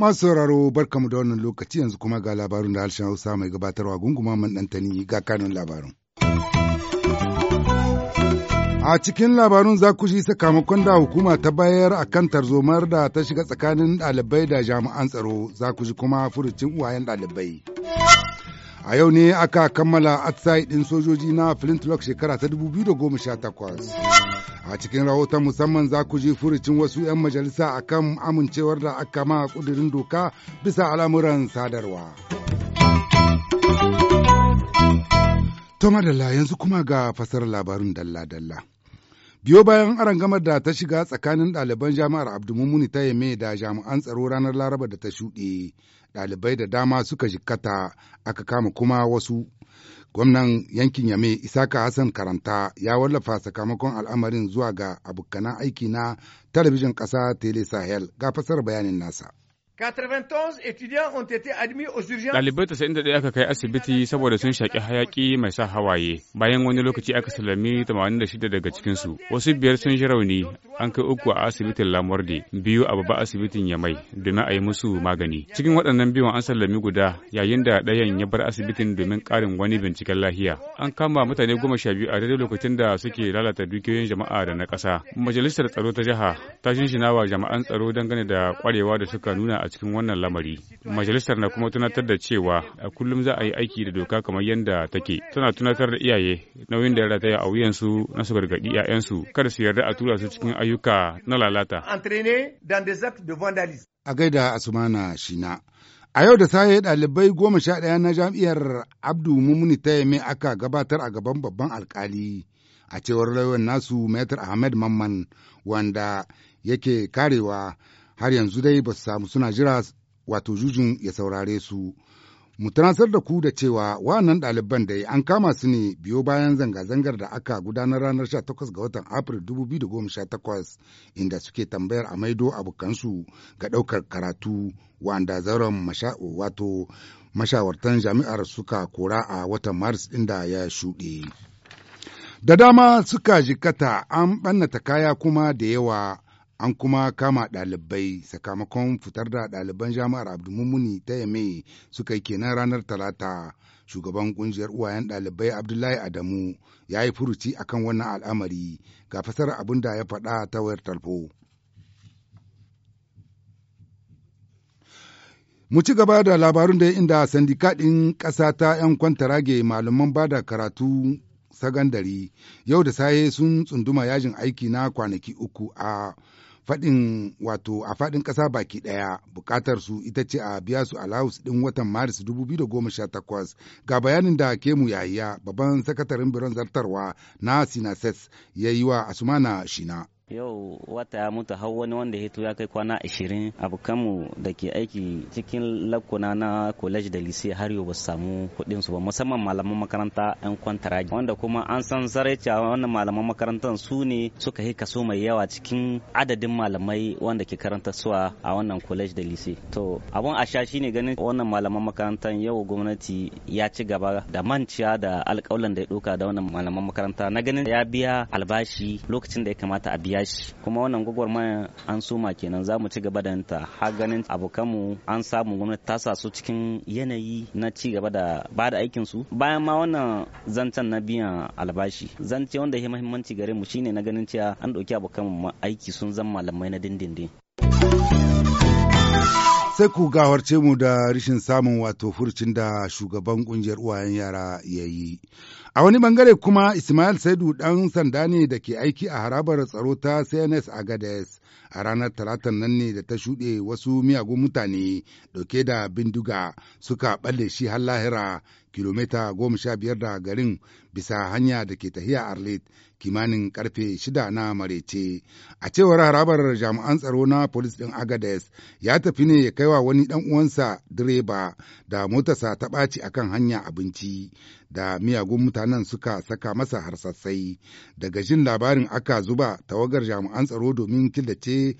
Masu sauraro barkamu da wannan lokaci yanzu kuma ga labarin da harshen Hausa mai gabatarwa gunguma man dantani ga kanun labarin. A cikin labarun za ku shi sakamakon da hukuma ta bayar a kan tarzomar da ta shiga tsakanin ɗalibai da jami'an tsaro za ku ji kuma furucin uwayen ɗalibai. A yau ne aka kammala atisayi ɗin sojoji na Flintlock shekara ta 2018. A cikin rahoton musamman za ku ji furucin wasu 'yan majalisa a kan amincewar da aka ma kudirin doka bisa al'amuran sadarwa. Tomadala yanzu kuma ga fasar labarin dalla-dalla. biyo bayan arangamar da ta shiga tsakanin ɗaliban jami'ar abdulmumuni ta yame da jami'an tsaro ranar laraba da ta shuɗe ɗalibai da dama suka jikkata aka kama kuma wasu Gwamnan yankin Yame Isaka Hassan Karanta ya wallafa sakamakon al'amarin zuwa ga abokanan aiki na talabijin ƙasa Tele Sahel ga fasar bayanin nasa. 91 étudiants ont été admis aka kai asibiti saboda sun shaki hayaƙi mai sa hawaye. Bayan wani lokaci aka salami 86 daga cikinsu Wasu biyar sun ji rauni, an kai uku a asibitin Lamorde, biyu a babban asibitin Yamai domin a yi musu magani. Cikin waɗannan biyun an sallami guda yayin da ɗayan ya bar asibitin domin ƙarin wani binciken lahiya. An kama mutane goma sha biyu a daidai lokacin da suke lalata dukiyoyin jama'a da na ƙasa. Majalisar tsaro ta jiha ta shinshina wa jama'an tsaro dangane da ƙwarewa da suka nuna a cikin wannan lamari. Majalisar na kuma tunatar da cewa a kullum za a yi aiki da doka kamar yadda take. Tana tunatar da iyaye nauyin da ya rataya a wuyansu na su gargaɗi 'ya'yansu kada su yarda a tura su cikin ayyuka na lalata. A gaida Asumana Shina. A yau da saye ɗalibai goma sha ɗaya na jam'iyyar Abdu Mumuni Tayeme aka gabatar a gaban babban alkali a cewar lauyan nasu Maitar Ahmed Mamman wanda yake karewa har yanzu dai ba su samu suna jira wato jujun ya saurare su. Mu tunasar da ku da cewa wannan ɗaliban da an kama su ne biyo bayan zanga-zangar da aka gudanar ranar 18 ga watan Afirka 2018 inda suke tambayar a maido abokansu ga ɗaukar karatu wanda zauren wato mashawartan jami'ar suka kora a watan Maris inda ya shuɗe. Da dama suka jikata an ɓannata kaya kuma da yawa. an kuma kama ɗalibai sakamakon fitar da ɗaliban jami'ar abdulmumuni ta yame suka yi kenan ranar talata shugaban kungiyar uwayen ɗalibai abdullahi adamu ya yi furuci akan wannan al'amari ga fasar abin da ya faɗa ta wayar talfo Mu ci gaba da labarun da inda sandika ɗin ƙasa ta 'yan kwantarage malaman bada karatu sagandari yau da saye sun tsunduma yajin aiki na kwanaki uku a faɗin wato a faɗin ƙasa baki ɗaya buƙatar su ita ce a biya su alawus ɗin watan maris 2018 ga bayanin da mu yahaya babban sakataren biron zartarwa na sinases ya yi wa asumana shina. yau wata ya mutu har wani wanda hito ya kai kwana ashirin abokanmu da ke aiki cikin lakuna na college da lise har yau ba su samu kuɗin su ba musamman malaman makaranta yan kwantaragi wanda kuma an san zaraica wannan malaman makarantar su ne suka yi kaso mai yawa cikin adadin malamai wanda ke karanta suwa a wannan college da lise to abun a sha shine ganin wannan malaman makarantar yau gwamnati ya ci gaba da manciya da alƙawalan da ya ɗauka da wannan malaman makaranta na ganin ya biya albashi lokacin da ya kamata a biya yashi kuma wannan gwagwarmaya an soma kenan za mu ci gaba da ta har ganin abokanmu an samu gwamnati ta sa su cikin yanayi na ci gaba da ba da aikin su bayan ma wannan zancen na biyan albashi zance wanda ya mahimmanci gare mu shine na ganin cewa an ɗauki abokanmu aiki sun zama malamai na dindindin sai ku gawarce mu da rashin samun wato furcin da shugaban kungiyar uwayen yara ya yi. A wani bangare kuma Ismail Saidu dan sanda ne da ke aiki a harabar tsaro ta CNS Agades a ranar talatan nan ne da ta shuɗe wasu miyagun mutane dauke da bindiga suka ɓalle shi har lahira kilomita goma sha biyar da garin bisa hanya da ke tahiya Arlit kimanin karfe shida na marece a cewar harabar jami'an tsaro na polis ɗin agades ya tafi ne ya kaiwa wani ɗan uwansa direba da motarsa ta ɓaci akan hanya abinci da miyagun mutanen suka saka masa harsassai daga jin labarin aka zuba tawagar jami'an tsaro domin killace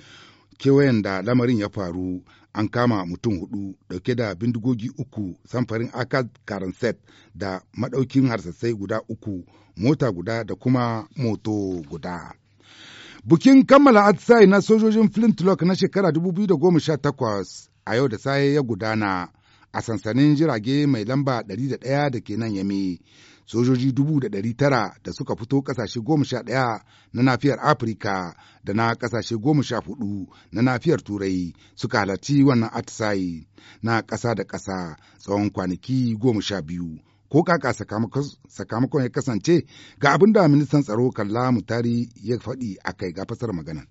kewayen da lamarin ya faru an kama mutum hudu dauke da bindigogi uku samfarin akad karanset da madaukin harsasai guda uku mota guda da kuma moto guda. Bukin kammala atisai na sojojin Flintlock na shekara 2018 a yau da saye ya gudana a sansanin jirage mai lamba 101 da ke nan yame sojoji dubu da ɗari tara da suka fito ƙasashe goma sha ɗaya na nafiyar Afirka da na ƙasashe goma sha hudu na nafiyar Turai suka halarci wannan atisaye na ƙasa da ƙasa tsawon kwanaki goma sha biyu. Ko kaka sakamakon ya kasance ga abin da ministan tsaro kalla mutari ya faɗi a kai ga fasar maganan.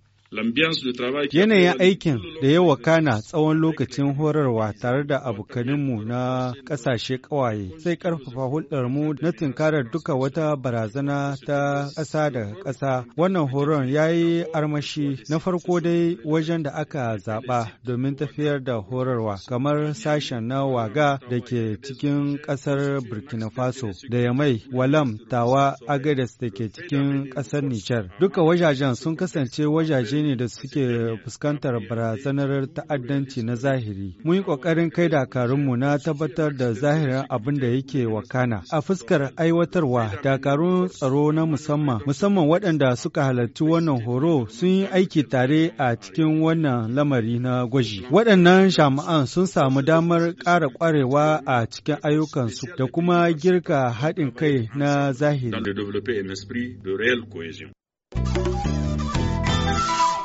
Yanayin aikin da ya wakana tsawon lokacin horarwa tare da abokaninmu na ƙasashe ƙawaye sai ƙarfafa mu na tunkarar duka wata barazana ta ƙasa da ƙasa. Wannan horon ya yi armashi na farko dai wajen da aka zaɓa domin tafiyar da horarwa kamar sashen na waga da ke cikin ƙasar Burkina Faso da Yamai, Walam, Tawa, Agades da ke cikin ƙasar Nijar. Duka wajajen sun kasance wajaje ne da suke fuskantar barazanar ta'addanci na zahiri. Mun yi ƙoƙarin kai dakarunmu na tabbatar da zahirin abin da yake wakana. A fuskar aiwatarwa, dakarun tsaro na musamman, musamman waɗanda suka halarci wannan horo sun yi aiki tare a cikin wannan lamari na gwaji. Waɗannan shama'an sun samu damar ƙara ƙwarewa a cikin ayyukansu da kuma girka haɗin kai na zahiri.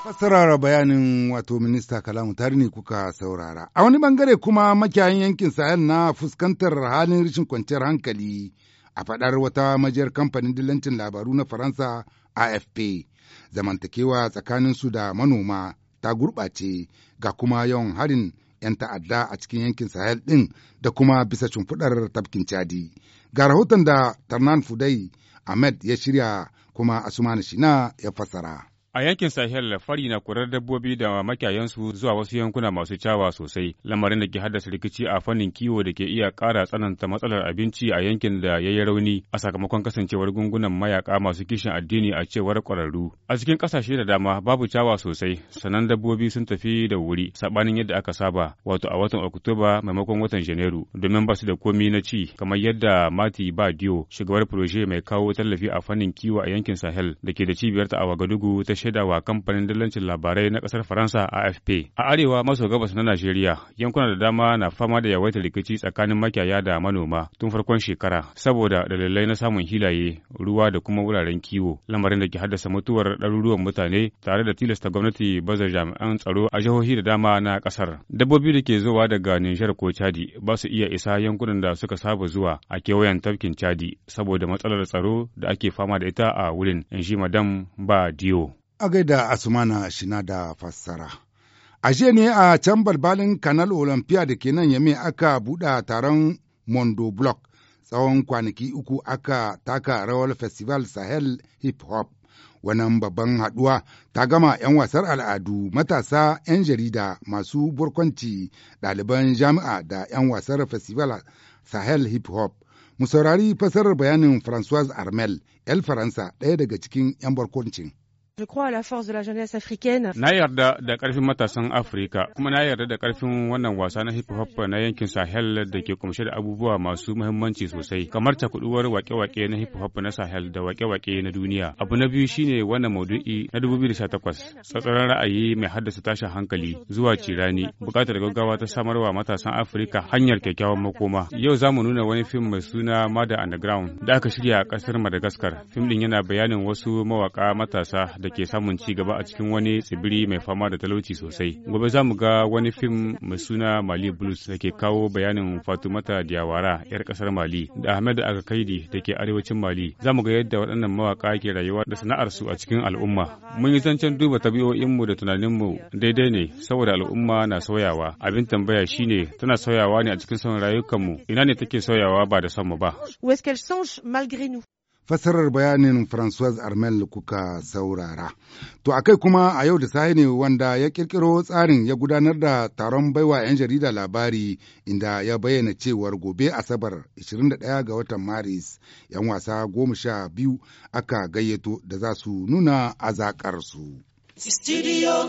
Fassarara bayanin wato minista Kalamu Tarini kuka saurara. A wani bangare kuma makiyayin yankin Sahel na fuskantar halin rashin kwanciyar hankali a faɗar wata majiyar kamfanin dillancin labaru na Faransa AFP. Zamantakewa tsakanin su da manoma ta gurɓace ga kuma yawan harin 'yan ta'adda a cikin yankin Sahel ɗin da kuma bisa cumfuɗar tafkin Chadi. Ga rahoton da Tarnan Fudai Ahmed ya shirya kuma Asumani Shina ya fassara. A yankin Sahel fari na kurar dabbobi da makiyayansu zuwa wasu yankuna masu cawa sosai, lamarin da ke haddasa rikici a fannin kiwo da ke iya kara tsananta matsalar abinci a yankin da ya yi rauni a sakamakon kasancewar gungunan mayaka masu kishin addini a cewar ƙwararru. A cikin ƙasashe da dama babu cawa sosai, sannan dabbobi sun tafi da wuri saɓanin yadda aka saba, wato a watan Oktoba maimakon watan Janairu, domin ba su da komi na ci, kamar yadda Mati ba Badio, shugabar mai kawo tallafi a fannin kiwo a yankin Sahel da ke da cibiyar cibiyarta a Wagadugu ta shaida wa kamfanin dillancin labarai na ƙasar Faransa AFP. A arewa maso gabas na Najeriya, yankuna da dama na fama da yawaitar rikici tsakanin makiyaya da manoma tun farkon shekara saboda dalilai na samun hilaye, ruwa da kuma wuraren kiwo, lamarin da ke haddasa mutuwar ɗaruruwan mutane tare da tilasta gwamnati bazar jami'an tsaro a jihohi da dama na ƙasar. Dabbobi da ke zuwa daga Nijar ko Chadi ba su iya isa yankunan da suka saba zuwa a kewayen tafkin Chadi saboda matsalar tsaro da ake fama da ita a wurin, in shi madam ba diyo. a gaida Asumana Shina da fassara. A jiya ne a can balbalin Kanal Olympia da ke nan Yame aka buɗa taron Mondo Block tsawon kwanaki uku aka taka rawar Festival Sahel Hip Hop. Wannan babban haɗuwa ta gama 'yan wasar al'adu, matasa, 'yan jarida, masu burkwanci, ɗaliban jami'a da 'yan wasar Festival Sahel Hip Hop. Mu saurari fasarar bayanin François Armel, 'yan Faransa, ɗaya daga cikin 'yan barkwancin. Je crois Na yarda da karfin matasan Afirka kuma na yarda da karfin wannan wasa na hip hop na yankin Sahel da ke kumshe da abubuwa masu muhimmanci sosai kamar takuduwar wake-wake na hip hop na Sahel da wake-wake na duniya. Abu na biyu shine wannan maudu'i na 2018 tsatsaran ra'ayi mai haddasa tashin hankali zuwa cirani buƙatar gaggawa ta samarwa matasan Afirka hanyar kyakkyawan makoma. Yau za mu nuna wani fim mai suna Mother Underground da aka shirya a kasar Madagascar. Fim din yana bayanin wasu mawaka matasa da ke samun ci gaba a cikin wani tsibiri mai fama da talauci sosai. Gobe za mu ga wani fim mai suna Mali Blues da ke kawo bayanin Fatumata Diawara 'yar kasar Mali da Ahmed Agakaidi da ke arewacin Mali. Za mu ga yadda waɗannan mawaƙa ke rayuwa da sana'ar su a cikin al'umma. Mun yi zancen duba tabi'o'inmu da tunaninmu daidai ne saboda al'umma na sauyawa. Abin tambaya shine tana sauyawa ne a cikin son rayukanmu. Ina ne take sauyawa ba da son mu ba. fasarar bayanin François Armel kuka saurara. To a kai kuma a yau da sahi ne wanda ya kirkiro tsarin ya gudanar da taron baiwa 'yan jarida labari inda ya bayyana cewar gobe Asabar 21 ga watan Maris 'yan wasa goma sha biyu aka gayyato da za su nuna azakarsu. Studio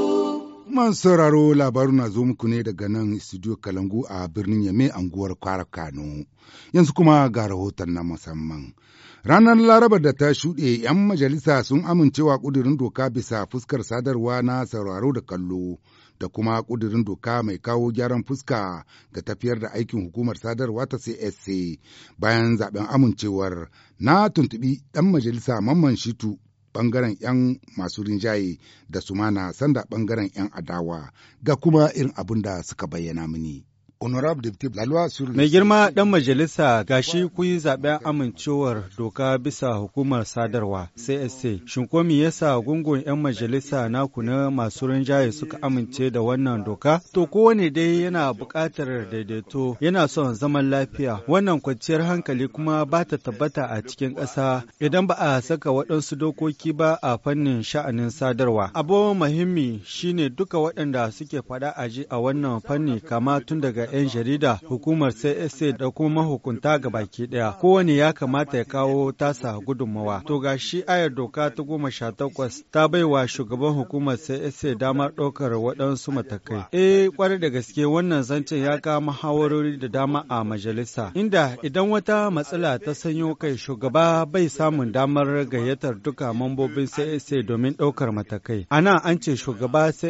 man sauraro labaru na zo muku ne daga nan studio Kalangu a birnin Yame anguwar Kwara Kano. Yanzu kuma ga rahoton na musamman. Ranar Laraba da ta shuɗe, ‘yan majalisa sun amincewa ƙudurin doka bisa fuskar sadarwa na sauraro da kallo, da kuma ƙudurin doka mai kawo gyaran fuska ga tafiyar da aikin hukumar sadarwa ta CSC bayan zaben amincewar na tuntuɓi ɗan majalisa Mamman Shitu ɓangaren 'yan masu rinjaye da sumana sanda ɓangaren 'yan adawa ga kuma irin abin da suka bayyana mini. Mai girma ɗan majalisa gashi ku yi zaɓen amincewar doka bisa hukumar sadarwa CSA. Shin ko me yasa gungun 'yan majalisa naku na masu rinjaye suka amince da wannan doka? To kowane dai yana buƙatar daidaito, yana son zaman lafiya. Wannan kwanciyar hankali kuma ba ta tabbata a cikin ƙasa idan ba a saka waɗansu dokoki ba a fannin sha'anin sadarwa. Abu muhimmi shine duka waɗanda suke faɗa a ji a wannan fanni kama tun daga 'yan jarida hukumar csa da kuma mahukunta ga baki daya kowane ya kamata ya kawo tasa gudunmawa to ga shi ayar doka ta goma sha takwas ta baiwa shugaban hukumar csa damar ɗaukar waɗansu matakai eh kwarai da gaske wannan zancen ya kawo muhawarori da dama a majalisa inda idan wata matsala ta sanyo kai shugaba bai samun damar gayyatar duka mambobin csa domin ɗaukar matakai ana an ce shugaba csa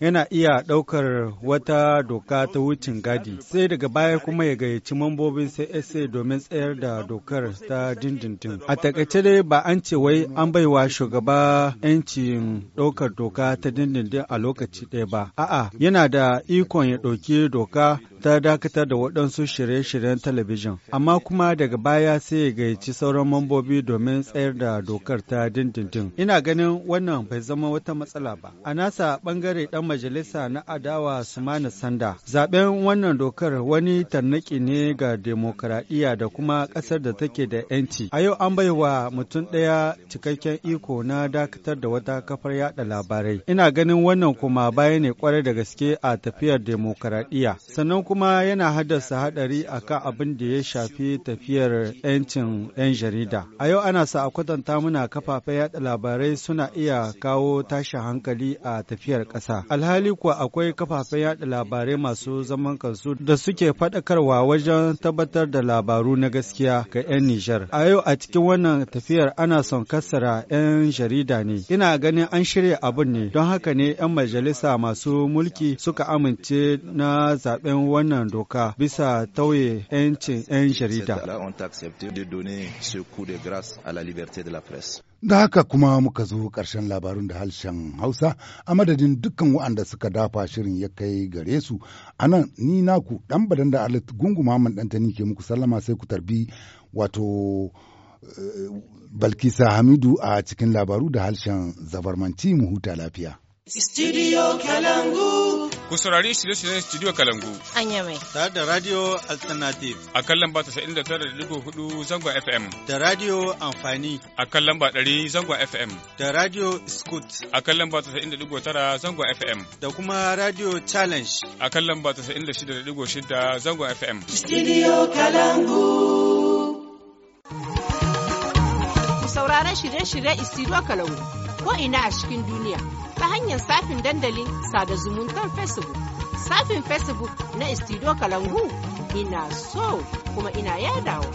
yana iya ɗaukar wata doka ta wucin gadi sai daga baya kuma ya gayyaci mambobin sa domin tsayar da dokar ta dindindin. A takaice dai ba an ce wai an baiwa shugaba 'yancin ɗaukar doka ta dindindin a lokaci ɗaya ba. A'a yana da ikon ya ɗauki doka ta dakatar da waɗansu shirye-shiryen talabijin, amma kuma daga baya sai ya gayyaci sauran mambobi domin tsayar da dokar ta dindindin. Ina ganin wannan bai zama wata matsala ba. A nasa ɓangare ɗan majalisa na adawa Sumana Sanda, zaɓen wannan dokar wani tarnaki ne ga demokaradiyya da kuma ƙasar da take da 'yanci. A yau an baiwa mutum ɗaya cikakken iko na dakatar da wata kafar yada labarai. Ina ganin wannan kuma baya ne kwarai da gaske a tafiyar demokaradiyya. Sannan kuma yana haddasa haɗari akan abin da ya shafi tafiyar 'yancin 'yan jarida. A yau ana sa a kwatanta muna kafafen yada labarai suna iya kawo tashin hankali a tafiyar ƙasa. Alhali kuwa akwai kafafen yada labarai masu zaman kansu da suke faɗakarwa wajen tabbatar da labaru na gaskiya ga 'yan Nijar. A yau a cikin wannan tafiyar ana son kasara 'yan jarida ne. Ina ganin an shirya abin ne don haka ne 'yan majalisa masu mulki suka amince na zaben wani wannan doka bisa tauye 'yancin 'yan jarida. Da haka kuma muka zo karshen labarun da harshen Hausa a madadin dukkan waɗanda suka dafa shirin ya kai gare su, a nan ni naku ɗan badan da Alit Gungu Maman Ɗantani ke muku sallama sai ku tarbi wato eh, Balkisa Hamidu a cikin labaru da harshen zabarmanci mu huta lafiya. Studio Kalangu. Ku saurari shirye-shiryen Studio Kalangu. An mai. Tare da Radio Alternative. A kan lamba hudu zangon FM. Da Radio Amfani. A kan lamba 100 zangon FM. Da Radio Scoot. A kan lamba tara zangon FM. Da kuma Radio Challenge. A kan lamba shida zangon FM. Studio Kalangu. Ku sauraron shirye-shiryen Studio Kalangu. Ko ina a cikin duniya. ta hanyar safin dandalin sada zumuntar Facebook. Safin Facebook na Istido Kalangu ina so kuma ina yadawa.